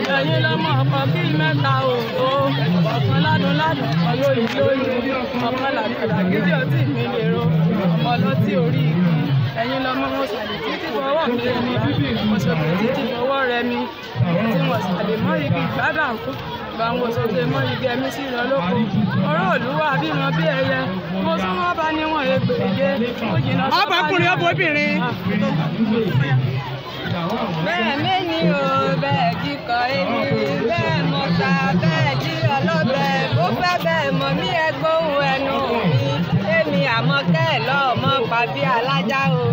ẹ̀yin lọ́mọ ọ̀kan bíi mẹ́ta o o ọ̀kan ládùn ládùn ọ̀kan lóyún lóyún ọ̀kan làkàlà gidi ọtí mi lè ro ọ̀kan lọ orí igi ẹ̀yin lọ́mọ mo sàlẹ̀ títí fọwọ́ mi lè mi òṣogbo títí fọwọ́ rẹ mi tí mo sàlẹ̀ mọ́ igi gbádà kú báwọn òṣogbo mọ́ igi ẹ̀mí sí ìrànlọ́kọ ọ̀rọ̀ òlúwa bímọ bí ẹyẹ mo tún wọ́n bá níwọ̀n egbèrèje ó jìnnà sọ́kàlẹ̀ ọkùnrin ọ̀bọ̀bìnrin bẹ́ẹ̀ mẹ́ni o bẹ́ẹ̀ di ọlọ́bẹ̀ mo fẹ́ bẹ́ẹ̀ mọ̀ mí ẹ gbóhùn ẹnu mi èmi àmọ́ kẹ́ ẹ̀ lọ́ọ́ mọ́ pa bí alájà o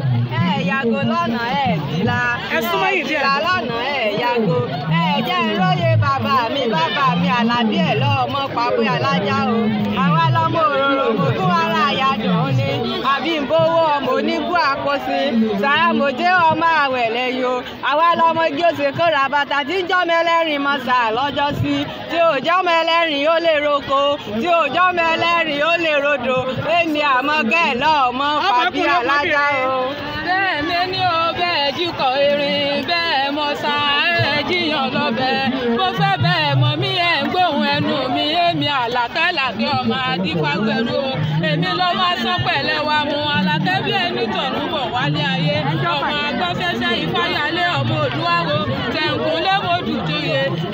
ẹ yàgò lọ́nà ẹ̀ bìlà ẹ bìlà lọ́nà ẹ̀ yàgò ẹ jẹ́ lóye bàbá mi bàbá mi àlàbí ẹ̀ lọ́ọ́ mọ́ pa bí alájà o àwa lọ́mọ òróró mo tún ara àyájọ́ ni àbí ń bówó oníbú àkọsí sàmójé ọmọ àwẹ̀lẹ̀ yo àwa lọmọge ó ṣe kóra bàtà tí ń jọmọ ẹlẹ́rìn mọ sà lọ́jọ́ sí tí ò jọmọ ẹlẹ́rìn ó lè roko tí ò jọmọ ẹlẹ́rìn ó lè rodò èmi àmọ́ kẹ́ lọ́ọ̀mọ pàbí alájà o. bẹ́ẹ̀ mi ní o bẹ́ẹ̀ jùkọ̀ erin bẹ́ẹ̀ mọ sá ẹ̀ jiyàn lọ́bẹ̀ mo fẹ́ ni àlàkálà kí ọmọ adífágbèrú o èmi ló wá sọ pẹ̀lẹ́ wa mu alákẹ́bí ẹni tọ̀run bọ̀ wálé ayé ọmọ agbọ́sẹ́sẹ́ ọmọ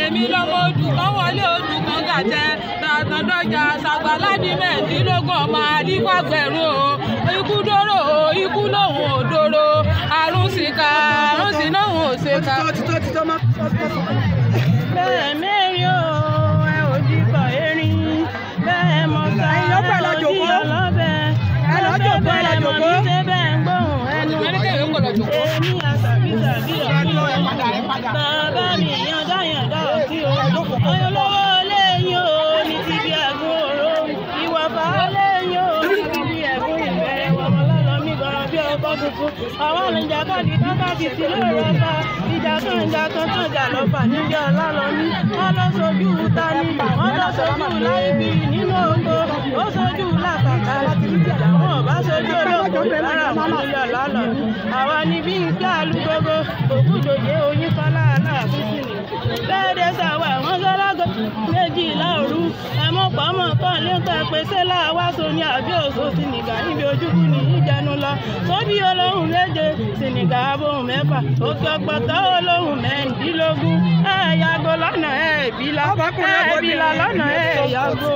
èmi lọ́mọ odù kan wọlé odù kan gàtẹ́ tàtàndọ́jà sàgbàládì mẹ́ẹ̀ẹ́dínlógún ọmọ adífágbèrú o ikú dóró o ikú lòun ò dóró àrùn náà bàbá mi yànjá yànjá òtí o ọyọ lọ́wọ́ lẹ́yìn o ní ti bí ẹ̀gún òró ìwà fà á lẹ́yìn o ní ti bí ẹ̀gún ìbẹ̀rẹ̀ wọmọ lọ́lọ́ mi gbọ́dọ̀ bí ọkọ̀ tuntun àwọn olùjà káàdì káàdì tí ló rọ bá ìjà kan ìjà kan tó jà lọ́fà níbi ọ̀la lọ ní wọ́n lọ sojú ta ni wọ́n lọ sojú láì bí nínú oko ó sojú làkàkà àwọn ọ̀bá sojú olóko lára àwọn olùyọ̀ lọ́lọ́ àwa ni bí olùgbogbo ògùjòyè oyinkola aláàfíìsì lẹ́ẹ̀dẹ́ sàwọ̀ àwọn gọ́lágọ́ méjìlá òru ẹ̀mọ́ pamọ́ kan lẹ́ńkọ́ pèsè láwa sómi àbí òṣò sìnìgà níbi ojúkú ní ìjẹnu lọ sóbì olóhùn méje sìnìgà abóhùn mẹ́fà òkè ọ̀pọ̀tọ́ olóhùn mẹ́rìndínlógún ẹ̀ yàgò lọ́nà ẹ̀ bìlà ẹ̀ bìlà lọ́nà yàgò.